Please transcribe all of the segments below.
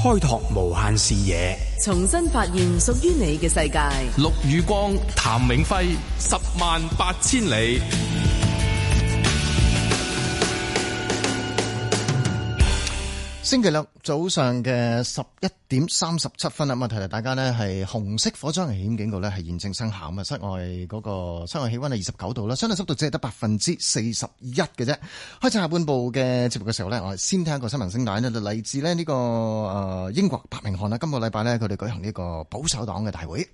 開拓無限視野，重新發現屬於你嘅世界。陸雨光、譚永輝，十萬八千里。星期六早上嘅十一點三十七分啦，提提大家呢係紅色火災危險警告呢係現正生效啊，室外嗰、嗰個室外氣溫係二十九度啦，相對濕度只係得百分之四十一嘅啫。開始下半部嘅節目嘅時候呢，我哋先聽一個新聞聲帶呢就嚟自咧呢個誒英國白明翰啦，今個禮拜呢，佢哋舉行呢個保守黨嘅大會。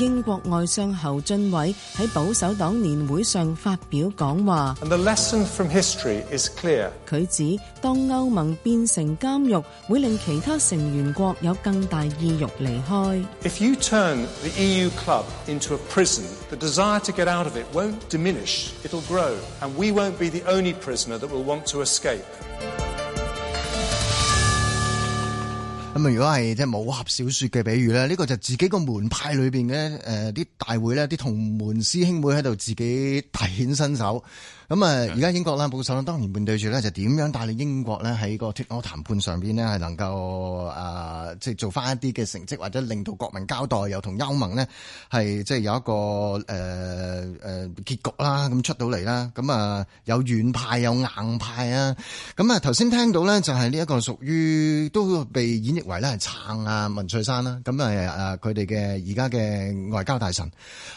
英國外相侯俊偉喺保守黨年會上發表講話，佢指當歐盟變成監獄，會令其他成員國有更大意欲離開。咁啊，如果係即係武俠小說嘅比喻咧，呢個就自己個門派裏邊咧，誒啲大會咧，啲同門師兄妹喺度自己大顯身手。咁啊，而家英國啦，保守黨，當然面對住咧，就點樣帶領英國咧喺個脱歐談判上邊呢，係能夠啊，即、呃、係、就是、做翻一啲嘅成績，或者令到國民交代，又同歐盟呢，係即係有一個誒誒、呃呃、結局啦，咁出到嚟啦。咁、呃、啊，有軟派有硬派啊。咁、呃、啊，頭先聽到呢，就係呢一個屬於都被演譯演繹為咧係撐啊文翠珊啦。咁啊啊，佢哋嘅而家嘅外交大臣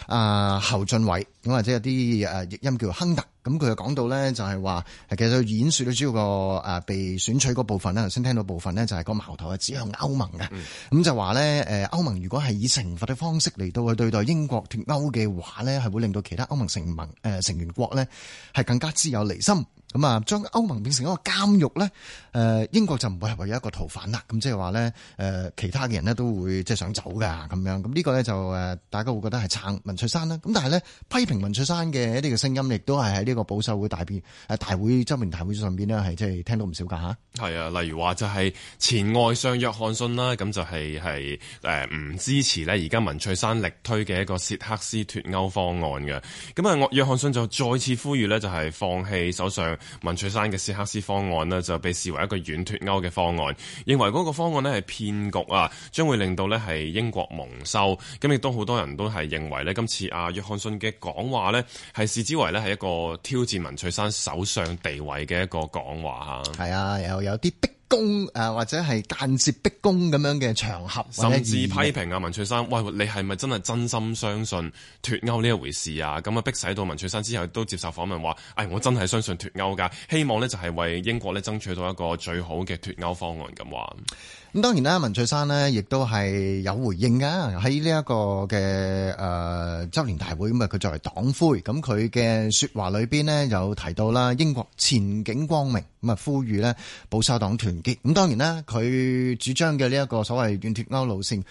啊、呃、侯俊偉。咁或者有啲誒譯音叫亨特，咁佢又講到咧，就係話其實演説咧主要個誒被選取嗰部分咧，頭先聽到部分咧就係個矛頭係指向歐盟嘅，咁、嗯、就話咧誒歐盟如果係以懲罰嘅方式嚟到去對待英國脱歐嘅話咧，係會令到其他歐盟成盟誒、呃、成員國咧係更加之有離心。咁啊，將歐盟變成一個監獄咧，誒，英國就唔會係為一個逃犯啦。咁即係話咧，誒、呃，其他嘅人咧都會即係想走噶，咁樣。咁呢個咧就誒，大家會覺得係撐文翠山啦。咁但係咧，批評文翠山嘅一啲嘅聲音，亦都係喺呢個保守會大變誒、呃、大會周年大會上邊呢，係即係聽到唔少噶吓。係啊，啊，例如話就係前外相約翰遜啦，咁就係係誒唔支持咧，而家文翠山力推嘅一個薛克斯脫歐方案嘅。咁啊，約翰遜就再次呼籲呢，就係放棄首相。文翠山嘅斯克斯方案呢，就被視為一個軟脫歐嘅方案，認為嗰個方案呢，係騙局啊，將會令到呢，係英國蒙羞。咁亦都好多人都係認為呢，今次阿約翰遜嘅講話呢，係視之為呢，係一個挑戰文翠山首相地位嘅一個講話吓。係啊，又有啲逼。公誒或者係間接逼供咁樣嘅場合，甚至批評啊，文翠珊，喂，你係咪真係真心相信脱歐呢一回事啊？咁啊，逼使到文翠珊之後都接受訪問話，唉、哎，我真係相信脱歐㗎，希望呢就係為英國呢爭取到一個最好嘅脱歐方案咁話。咁當然啦，文翠珊呢亦都係有回應嘅喺呢一個嘅誒、呃、周年大會咁啊，佢作為黨魁，咁佢嘅説話裏邊呢，有提到啦，英國前景光明，咁啊，呼籲咧保守黨團結。咁當然啦，佢主張嘅呢一個所謂軟脱歐路線，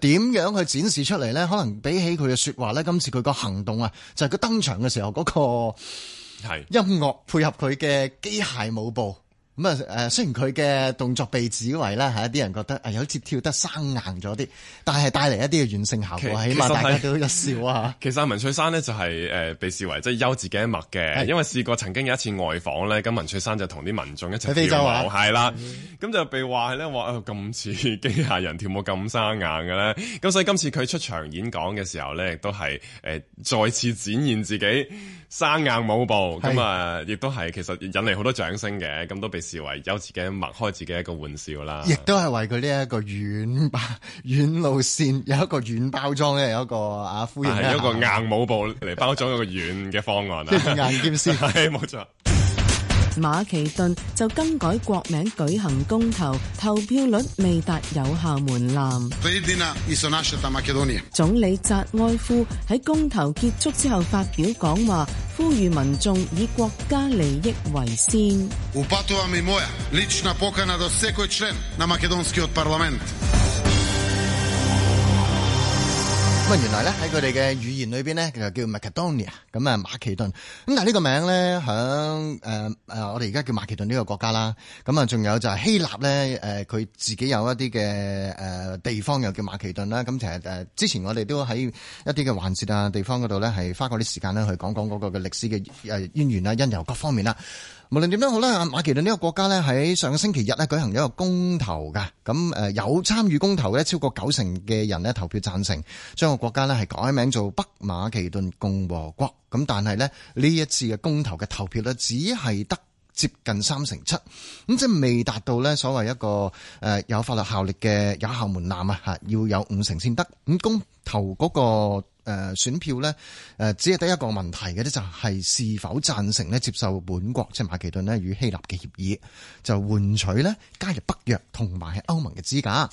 點樣去展示出嚟呢？可能比起佢嘅説話呢，今次佢個行動啊，就係佢登場嘅時候嗰個音樂配合佢嘅機械舞步。咁啊誒，雖然佢嘅動作被指為咧係一啲人覺得啊好似跳得生硬咗啲，但係帶嚟一啲嘅軟性效果，起碼大家都有笑喎嚇。其實文翠珊呢，就係誒被視為即係幽自己一默嘅，的因為試過曾經有一次外訪咧，咁文翠珊就同啲民眾一齊跳舞，喺非洲啊，係啦，咁就被話係咧話咁似機械人跳舞咁生硬嘅咧，咁所以今次佢出場演講嘅時候咧，亦都係誒再次展現自己生硬舞步，咁啊亦都係其實引嚟好多掌聲嘅，咁都被。為有自己擘開自己一個玩笑啦，亦都係為佢呢一個軟包路線，有一個軟包裝咧，有一個啊，係一,一個硬舞步嚟包裝一個軟嘅方案啦，啊， 硬兼施，係冇錯。馬其頓就更改國名舉行公投，投票率未達有效門檻。總理扎埃夫喺公投結束之後發表講話，呼籲民眾以國家利益為先。 咁啊，原來咧喺佢哋嘅語言裏邊呢，佢就叫 Macedonia 馬其頓啊。咁啊，馬其頓。咁但係呢個名咧，響誒誒，我哋而家叫馬其頓呢個國家啦。咁啊，仲有就係希臘咧，誒、呃、佢自己有一啲嘅誒地方又叫馬其頓啦。咁其實誒，之前我哋都喺一啲嘅環節啊、地方嗰度咧，係花過啲時間咧去講講嗰個嘅歷史嘅誒淵源啦、因由各方面啦。無論點樣好啦，馬其頓呢個國家咧，喺上個星期日咧舉行咗一個公投㗎。咁、呃、誒有參與公投嘅超過九成嘅人咧投票贊成將，將國家咧係改名做北馬其頓共和國，咁但係咧呢一次嘅公投嘅投票咧，只係得接近三成七，咁即係未達到咧所謂一個誒有法律效力嘅有效門檻啊嚇，要有五成先得。咁公投嗰個誒選票咧誒，只係得一個問題嘅咧，就係、是、是否贊成咧接受本國即係馬其頓咧與希臘嘅協議，就換取咧加入北約同埋係歐盟嘅資格。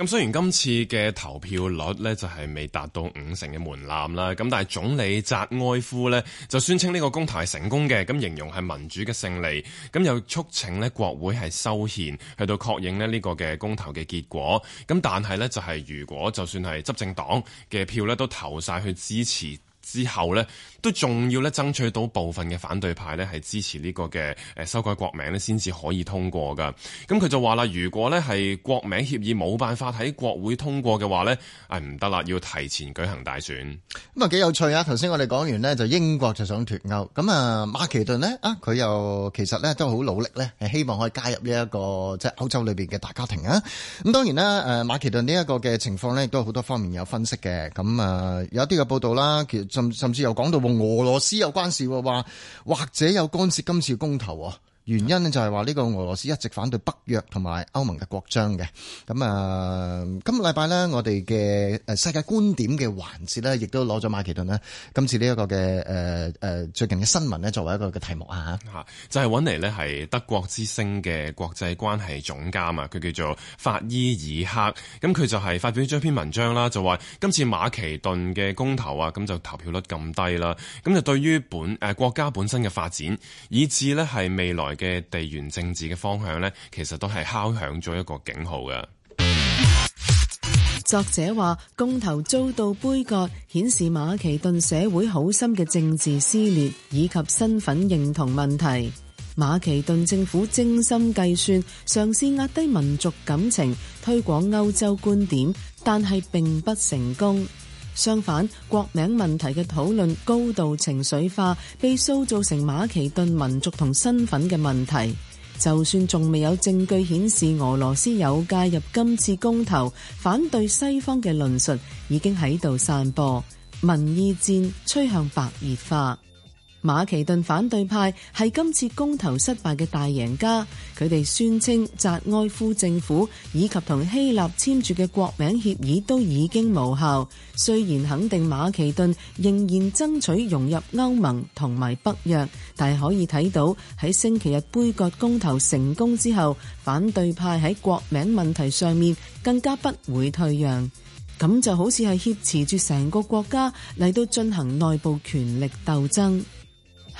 咁雖然今次嘅投票率呢就係未達到五成嘅門檻啦，咁但係總理扎埃夫呢就宣稱呢個公投係成功嘅，咁形容係民主嘅勝利，咁又促請呢國會係修憲去到確認咧呢個嘅公投嘅結果，咁但係呢就係如果就算係執政黨嘅票呢都投晒去支持。之後呢，都仲要咧爭取到部分嘅反對派呢係支持呢個嘅誒修改國名咧，先至可以通過㗎。咁佢就話啦，如果呢係國名協議冇辦法喺國會通過嘅話呢，誒唔得啦，要提前舉行大選。咁啊幾有趣啊！頭先我哋講完呢，就英國就想脱歐。咁啊馬其頓呢，啊，佢又其實呢都好努力呢，係希望可以加入呢、這、一個即係、就是、歐洲裏邊嘅大家庭啊。咁當然啦，誒馬其頓呢一個嘅情況呢，亦都好多方面有分析嘅。咁啊有啲嘅報道啦，其實。甚甚至又講到俄羅斯有關事嘅話，或者有干涉今次公投啊！原因呢就係話呢個俄羅斯一直反對北約同埋歐盟嘅擴張嘅。咁啊，今個禮拜咧，我哋嘅誒世界觀點嘅環節咧，亦都攞咗馬其頓咧今次呢、這、一個嘅誒誒最近嘅新聞咧，作為一個嘅題目啊吓、嗯，就係搵嚟咧係德國之聲嘅國際關係總監啊，佢叫做法伊爾克。咁佢就係發表咗一篇文章啦，就話今次馬其頓嘅公投啊，咁就投票率咁低啦，咁就對於本誒、呃、國家本身嘅發展，以至咧係未來，嘅地緣政治嘅方向呢，其實都係敲響咗一個警號嘅。作者話，公投遭到杯葛，顯示馬其頓社會好深嘅政治撕裂，以及身份認同問題。馬其頓政府精心計算，嘗試壓低民族感情，推廣歐洲觀點，但係並不成功。相反，國名問題嘅討論高度情緒化，被塑造成馬其頓民族同身份嘅問題。就算仲未有證據顯示俄羅斯有介入今次公投，反對西方嘅論述已經喺度散播，民意戰趨向白熱化。馬其頓反對派係今次公投失敗嘅大贏家，佢哋宣稱扎埃夫政府以及同希臘簽住嘅國名協議都已經無效。雖然肯定馬其頓仍然爭取融入歐盟同埋北約，但係可以睇到喺星期日杯葛公投成功之後，反對派喺國名問題上面更加不會退讓，咁就好似係挾持住成個國家嚟到進行內部權力鬥爭。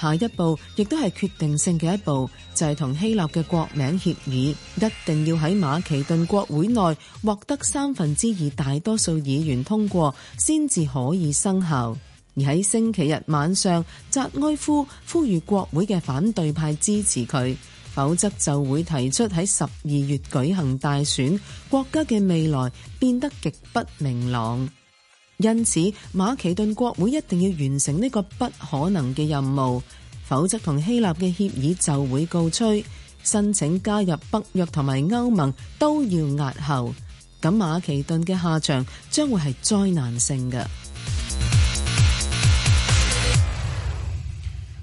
下一步亦都係決定性嘅一步，就係同希臘嘅國名協議，一定要喺馬其頓國會內獲得三分之二大多數議員通過，先至可以生效。而喺星期日晚上，扎埃夫呼籲國會嘅反對派支持佢，否則就會提出喺十二月舉行大選，國家嘅未來變得極不明朗。因此，馬其頓國會一定要完成呢個不可能嘅任務，否則同希臘嘅協議就會告吹，申請加入北約同埋歐盟都要押後。咁馬其頓嘅下場將會係災難性嘅。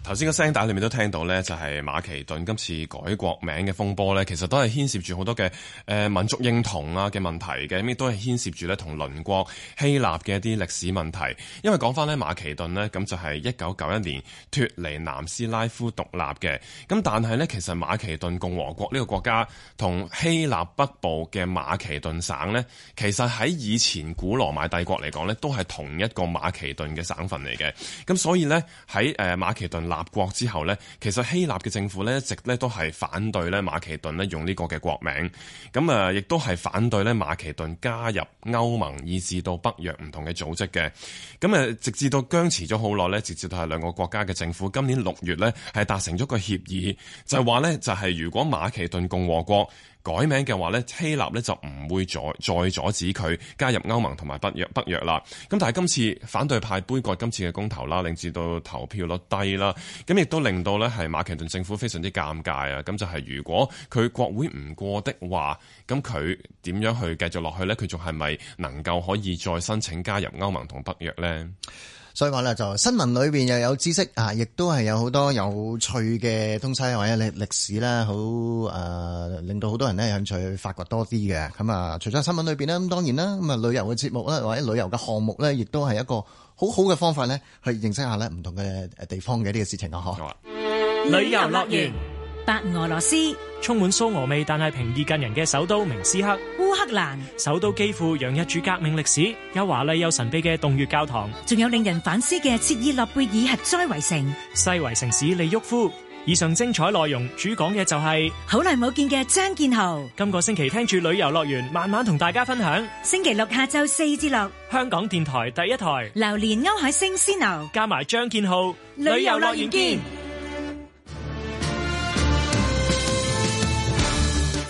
頭先個聲帶裏面都聽到呢就係馬其頓今次改國名嘅風波呢，其實都係牽涉住好多嘅誒民族認同啊嘅問題嘅，亦都係牽涉住咧同鄰國希臘嘅一啲歷史問題。因為講返呢，馬其頓呢，咁就係一九九一年脫離南斯拉夫獨立嘅。咁但係呢，其實馬其頓共和國呢個國家同希臘北部嘅馬其頓省呢，其實喺以前古羅馬帝國嚟講呢，都係同一個馬其頓嘅省份嚟嘅。咁所以呢，喺誒馬其頓立國之後呢，其實希臘嘅政府呢，一直咧都係反對咧馬其頓咧用呢個嘅國名，咁啊，亦都係反對咧馬其頓加入歐盟，以至到北約唔同嘅組織嘅，咁啊，直至到僵持咗好耐呢，直至係兩個國家嘅政府今年六月呢，係達成咗個協議，就係話呢，就係如果馬其頓共和國。改名嘅話呢，希臘呢就唔會再再阻止佢加入歐盟同埋北約北約啦。咁但係今次反對派杯葛今次嘅公投啦，令至到投票率低啦，咁亦都令到呢，係馬其頓政府非常之尷尬啊！咁就係如果佢國會唔過的話，咁佢點樣去繼續落去呢？佢仲係咪能夠可以再申請加入歐盟同北約呢？所以話咧，就新聞裏邊又有知識啊，亦都係有好多有趣嘅東西，或者歷歷史啦，好誒、呃，令到好多人咧興趣去發掘多啲嘅。咁、嗯、啊，除咗新聞裏邊咧，咁當然啦，咁啊旅遊嘅節目啦，或者旅遊嘅項目咧，亦都係一個好好嘅方法咧，去認識下咧唔同嘅誒地方嘅呢個事情啊，嗬吧。旅遊樂園。白俄羅斯充滿蘇俄味，但係平易近人嘅首都明斯克。烏克蘭首都幾乎洋溢住革命歷史，有華麗又神秘嘅洞穴教堂，仲有令人反思嘅切爾諾貝爾核災圍城。西圍城市利沃夫。以上精彩內容，主講嘅就係好耐冇見嘅張建豪。今個星期聽住旅遊樂園，慢慢同大家分享。星期六下晝四至六，香港電台第一台。劉連歐海星思牛，加埋張建豪，旅遊樂園見。見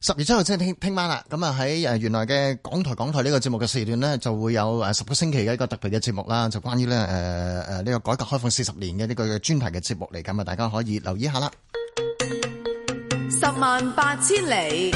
十月七號即係聽聽晚啦，咁啊喺誒原來嘅港台港台呢個節目嘅時段咧，就會有誒十個星期嘅一個特別嘅節目啦，就關於咧誒誒呢個改革開放四十年嘅呢個嘅專題嘅節目嚟噶嘛，大家可以留意下啦。十萬八千里。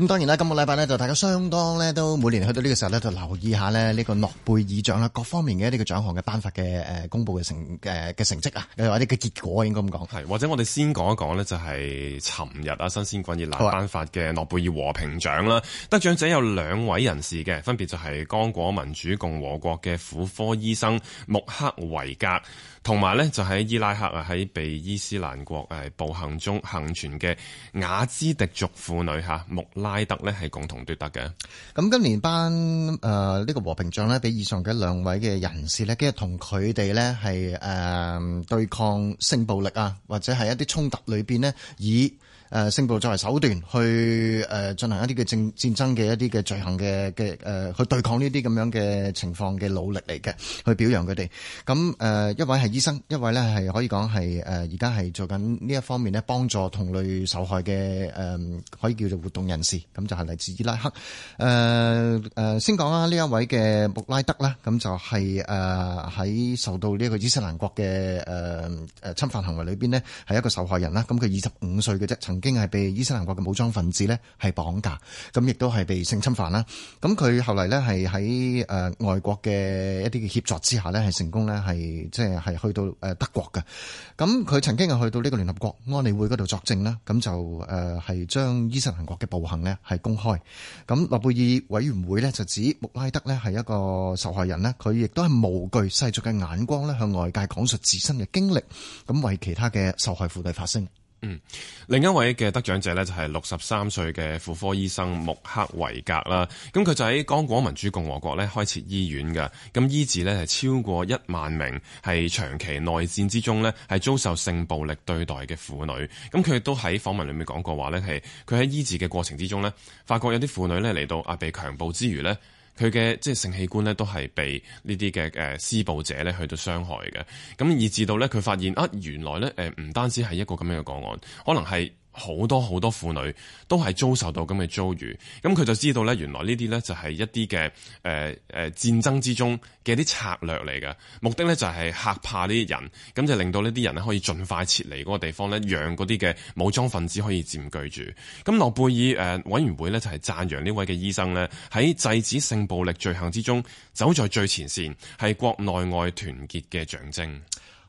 咁當然啦，今個禮拜呢，就大家相當咧都每年去到呢個時候咧，就留意下咧呢個諾貝爾獎啦，各方面嘅呢個獎項嘅頒發嘅誒公佈嘅成誒嘅、呃、成績啊，或者嘅結果應該咁講。係或者我哋先講一講呢，就係尋日啊，新鮮滾熱辣頒發嘅諾貝爾和平獎啦。啊、得獎者有兩位人士嘅，分別就係剛果民主共和國嘅婦科醫生穆克維格，同埋呢就喺伊拉克啊喺被伊斯蘭國誒暴行中幸存嘅雅茲迪族婦女嚇穆拉拉德咧，係共同奪得嘅，咁、嗯、今年頒誒呢個和平獎咧，俾以上嘅兩位嘅人士咧，跟住同佢哋咧係誒對抗性暴力啊，或者係一啲衝突裏邊咧以。誒性暴作為手段去誒、呃、進行一啲嘅政戰爭嘅一啲嘅罪行嘅嘅誒去對抗呢啲咁樣嘅情況嘅努力嚟嘅，去表揚佢哋。咁、呃、誒一位係醫生，一位呢係可以講係誒而家係做緊呢一方面呢幫助同類受害嘅誒、呃、可以叫做活動人士。咁、呃、就係、是、嚟自伊拉克。誒、呃、誒先講啦、啊，呢一位嘅穆拉德啦，咁就係誒喺受到呢個伊斯蘭國嘅誒誒侵犯行為裏邊呢，係一個受害人啦。咁佢二十五歲嘅啫，曾、呃。呃呃呃經係被伊斯蘭國嘅武裝分子咧係綁架，咁亦都係被性侵犯啦。咁佢後嚟咧係喺誒外國嘅一啲嘅協助之下咧係成功咧係即係係去到誒德國嘅。咁佢曾經係去到呢個聯合國安理會嗰度作證啦。咁就誒係將伊斯蘭國嘅暴行咧係公開。咁諾貝爾委員會咧就指穆拉德咧係一個受害人咧，佢亦都係無懼世俗嘅眼光咧向外界講述自身嘅經歷，咁為其他嘅受害婦女發聲。嗯，另一位嘅得獎者呢，就係六十三歲嘅婦科醫生穆克維格啦，咁佢就喺剛果民主共和國呢開設醫院嘅，咁醫治呢，係超過一萬名，係長期內戰之中呢，係遭受性暴力對待嘅婦女，咁佢都喺訪問裏面講過話呢，係佢喺醫治嘅過程之中呢，發覺有啲婦女呢，嚟到阿被強暴之餘呢。佢嘅即係性器官咧，都係被呢啲嘅誒施暴者咧去到傷害嘅，咁以至到咧佢發現啊，原來咧誒唔單止係一個咁樣嘅個案，可能係。好多好多婦女都係遭受到咁嘅遭遇，咁佢就知道咧，原來呢啲咧就係一啲嘅誒誒戰爭之中嘅啲策略嚟嘅，目的咧就係嚇怕呢啲人，咁就令到呢啲人咧可以盡快撤離嗰個地方咧，讓嗰啲嘅武裝分子可以佔據住。咁諾貝爾誒、呃、委員會咧就係讚揚呢位嘅醫生咧喺制止性暴力罪行之中走在最前線，係國內外團結嘅象徵。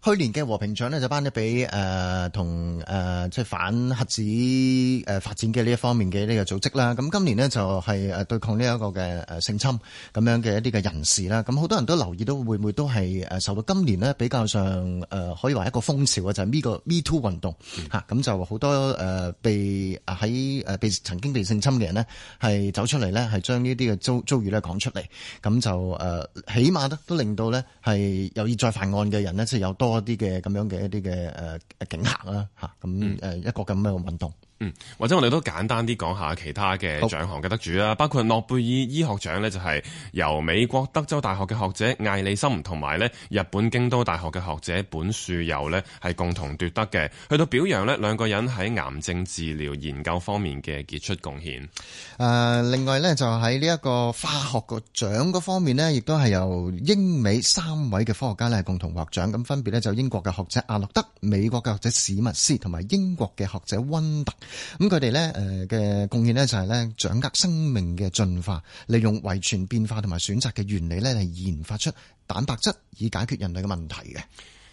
去年嘅和平獎咧就頒咗俾誒同誒，即係反核子誒發展嘅呢一方面嘅呢個組織啦，咁今年咧就係誒對抗呢一個嘅誒性侵咁樣嘅一啲嘅人士啦，咁好多人都留意到會唔會都係誒受到今年咧比較上誒、呃、可以話一個風潮啊，就係呢個 Me Too 運動吓，咁就好多誒被喺誒被曾經被性侵嘅人咧係走出嚟咧係將呢啲嘅遭遭遇咧講出嚟，咁就誒起碼咧都令到咧係有意再犯案嘅人咧即係有多。多啲嘅咁樣嘅一啲嘅誒誒，警吓啦吓，咁誒一個咁樣嘅運動。嗯，或者我哋都簡單啲講下其他嘅獎項嘅得主啦，好包括諾貝爾醫學獎呢，就係由美國德州大學嘅學者艾利森同埋呢日本京都大學嘅學者本庶佑呢，係共同奪得嘅，去到表揚呢，兩個人喺癌症治療研究方面嘅傑出貢獻。誒、呃，另外呢，就喺呢一個化學個獎個方面呢，亦都係由英美三位嘅科學家呢，共同獲獎，咁分別呢，就英國嘅學者阿諾德、美國嘅學者史密斯同埋英國嘅學者溫特。咁佢哋咧，誒嘅貢獻咧就係咧掌握生命嘅進化，利用遺傳變化同埋選擇嘅原理咧，嚟研發出蛋白質以解決人類嘅問題嘅。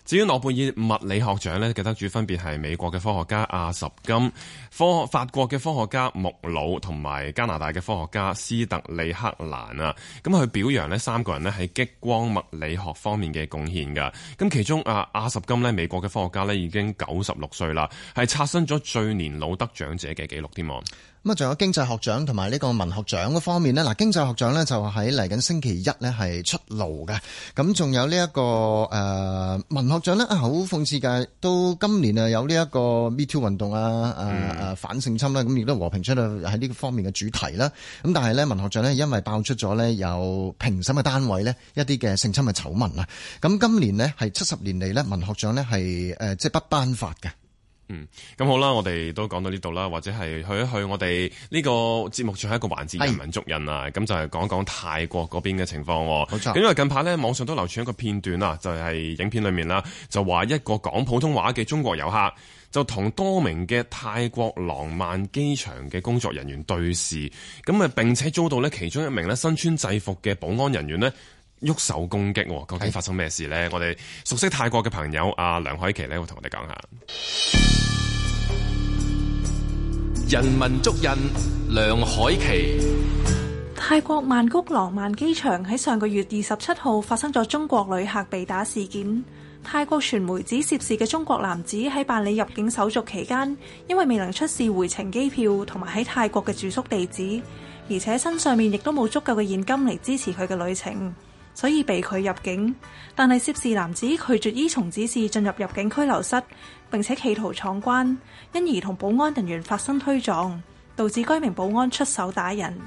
至於諾貝爾物理學獎咧，嘅得主分別係美國嘅科學家阿什金、科法國嘅科學家穆魯同埋加拿大嘅科學家斯特里克蘭啊。咁佢表揚呢三個人咧，喺激光物理學方面嘅貢獻㗎。咁其中啊，阿什金呢，美國嘅科學家呢已經九十六歲啦，係刷新咗最年老得獎者嘅記錄添喎。咁啊，仲有經濟學獎同埋呢個文學獎嗰方面呢，嗱經濟學獎呢就喺嚟緊星期一呢係出爐嘅，咁仲有呢、這、一個誒、呃、文學獎呢，啊好諷刺嘅，都今年啊有呢一個 Me Too 運動啊，啊、呃、啊反性侵啦，咁亦都和平出喺呢個方面嘅主題啦，咁但係呢文學獎呢，因為爆出咗呢有評審嘅單位呢，一啲嘅性侵嘅醜聞啊，咁今年呢，係七十年嚟呢文學獎呢係誒即係不頒發嘅。嗯，咁好啦，我哋都講到呢度啦，或者係去一去我哋呢個節目，最後一個環節，人文足印啊，咁是就係講講泰國嗰邊嘅情況。冇錯，因為近排呢，網上都流傳一個片段啊，就係、是、影片裡面啦，就話一個講普通話嘅中國遊客就同多名嘅泰國廊曼機場嘅工作人員對視，咁啊，並且遭到呢其中一名呢身穿制服嘅保安人員呢喐手攻擊。究竟發生咩事呢？是我哋熟悉泰國嘅朋友阿梁凱琪呢，會同我哋講下。人文足印，梁凱琪。泰國曼谷廊曼機場喺上個月二十七號發生咗中國旅客被打事件。泰國傳媒指涉事嘅中國男子喺辦理入境手續期間，因為未能出示回程機票同埋喺泰國嘅住宿地址，而且身上面亦都冇足夠嘅現金嚟支持佢嘅旅程。所以被拒入境，但係涉事男子拒絕依從指示進入入境拘留室，並且企圖闖關，因而同保安人員發生推撞，導致該名保安出手打人。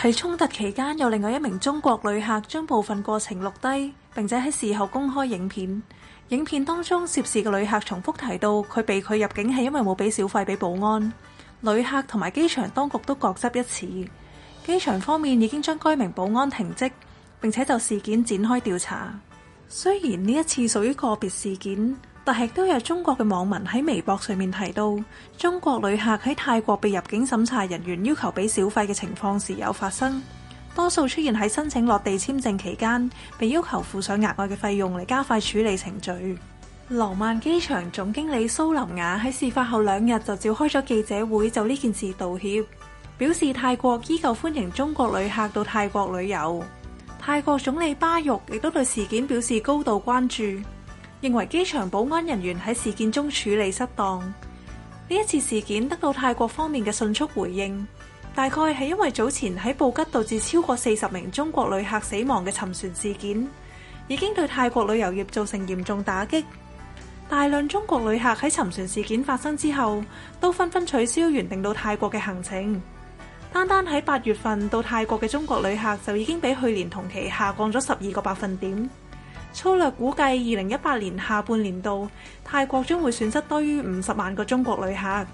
喺衝突 期間，有另外一名中國旅客將部分過程錄低，並且喺事後公開影片。影片當中涉事嘅旅客重複提到佢被拒入境係因為冇俾小費俾保安。旅客同埋機場當局都各執一詞。機場方面已經將該名保安停職。並且就事件展開調查。雖然呢一次屬於個別事件，但係都有中國嘅網民喺微博上面提到，中國旅客喺泰國被入境審查人員要求俾小費嘅情況時有發生，多數出現喺申請落地簽證期間，被要求付上額外嘅費用嚟加快處理程序。廊曼機場總經理蘇林雅喺事發後兩日就召開咗記者會，就呢件事道歉，表示泰國依舊歡迎中國旅客到泰國旅遊。泰國總理巴育亦都對事件表示高度關注，認為機場保安人員喺事件中處理失當。呢一次事件得到泰國方面嘅迅速回應，大概係因為早前喺布吉導致超過四十名中國旅客死亡嘅沉船事件，已經對泰國旅遊業造成嚴重打擊。大量中國旅客喺沉船事件發生之後，都紛紛取消原定到泰國嘅行程。單單喺八月份到泰國嘅中國旅客就已經比去年同期下降咗十二個百分點。粗略估計，二零一八年下半年度，泰國將會損失多於五十萬個中國旅客。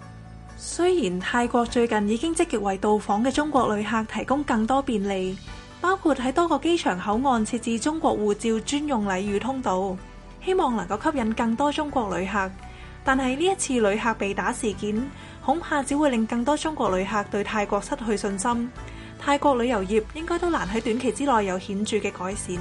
雖然泰國最近已經積極為到訪嘅中國旅客提供更多便利，包括喺多個機場口岸設置中國護照專用禮遇通道，希望能夠吸引更多中國旅客，但係呢一次旅客被打事件，恐怕只會令更多中國旅客對泰國失去信心，泰國旅遊業應該都難喺短期之內有顯著嘅改善。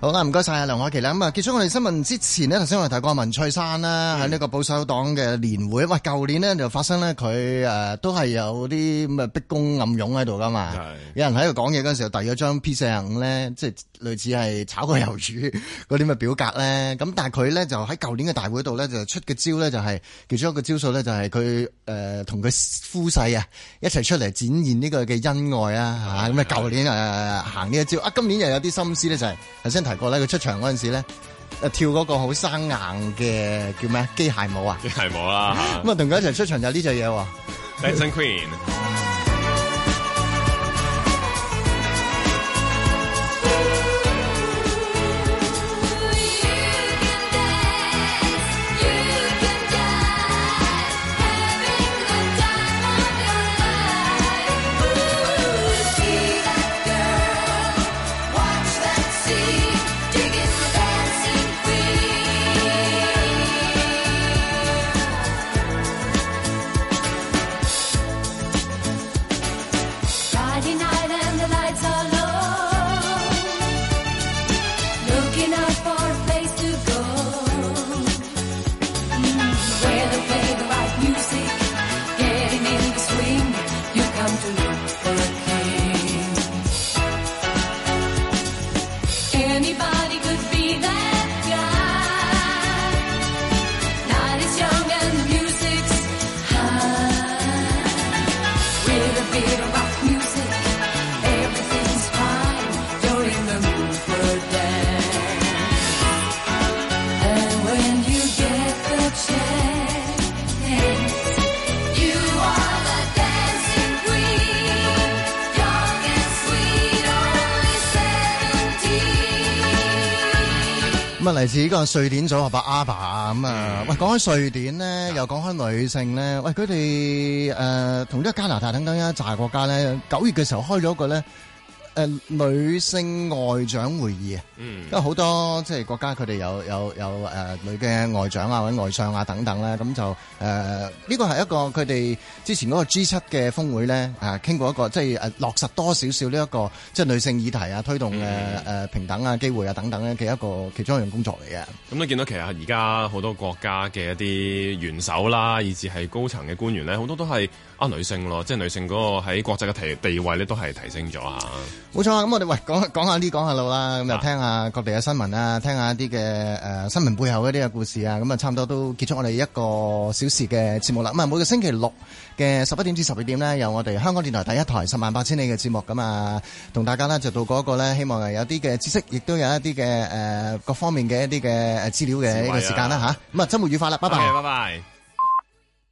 好啦，唔該晒，阿梁海琪啦。咁、嗯、啊，結束我哋新聞之前咧，頭先我哋提過文翠珊啦，喺呢、嗯、個保守黨嘅年會。喂、哎，舊年呢就發生呢，佢誒、呃、都係有啲咁嘅逼宮暗湧喺度噶嘛。對有人喺度講嘢嗰陣時候，遞咗張 P 四十五咧，即係。類似係炒個魷魚嗰啲咪表格咧，咁但係佢咧就喺舊年嘅大會度咧，就出嘅招咧，就係其中一個招數咧，就係佢誒同佢夫婿啊一齊出嚟展現呢個嘅恩愛的啊，嚇。咁啊，舊年誒行呢一招啊今年又有啲心思咧，就係頭先提過咧，佢出場嗰陣時咧，誒跳嗰個好生硬嘅叫咩機械舞啊，機械舞啦，嚇。咁啊，同佢 一齊出場就係呢隻嘢喎。 son 似呢個瑞典組合阿巴啊咁啊，喂，講開瑞典咧，又講開女性咧，喂，佢哋誒同啲加拿大等等一揸國家咧，九月嘅時候開咗一個咧。誒、呃、女性外長會議，嗯、因為好多即係、就是、國家佢哋有有有誒女嘅外長啊、或者外相啊等等咧、啊，咁就誒呢個係一個佢哋之前嗰個 G 七嘅峰會咧，啊傾過一個即係誒落實多少少呢一、這個即係、就是、女性議題啊、推動誒、啊、誒、嗯啊、平等啊、機會啊等等咧嘅一個其中一樣工作嚟嘅。咁你見到其實而家好多國家嘅一啲元首啦，以至係高層嘅官員咧，好多都係啊女性咯，即係女性嗰個喺國際嘅地地位咧都係提升咗嚇。.冇錯啊！咁我哋喂，講講下呢，講下路啦，咁就聽下各地嘅新聞啊，聽下一啲嘅誒新聞背後一啲嘅故事啊，咁啊，差唔多都結束我哋一個小時嘅節目啦。咁啊，每個星期六嘅十一點至十二點咧，有我哋香港電台第一台十萬八千里嘅節目。咁啊，同大家呢就到嗰個咧，希望誒有啲嘅知識，亦都有一啲嘅誒各方面嘅一啲嘅資料嘅呢個時間啦吓。咁啊，啊，周末愉快啦，拜拜，拜拜。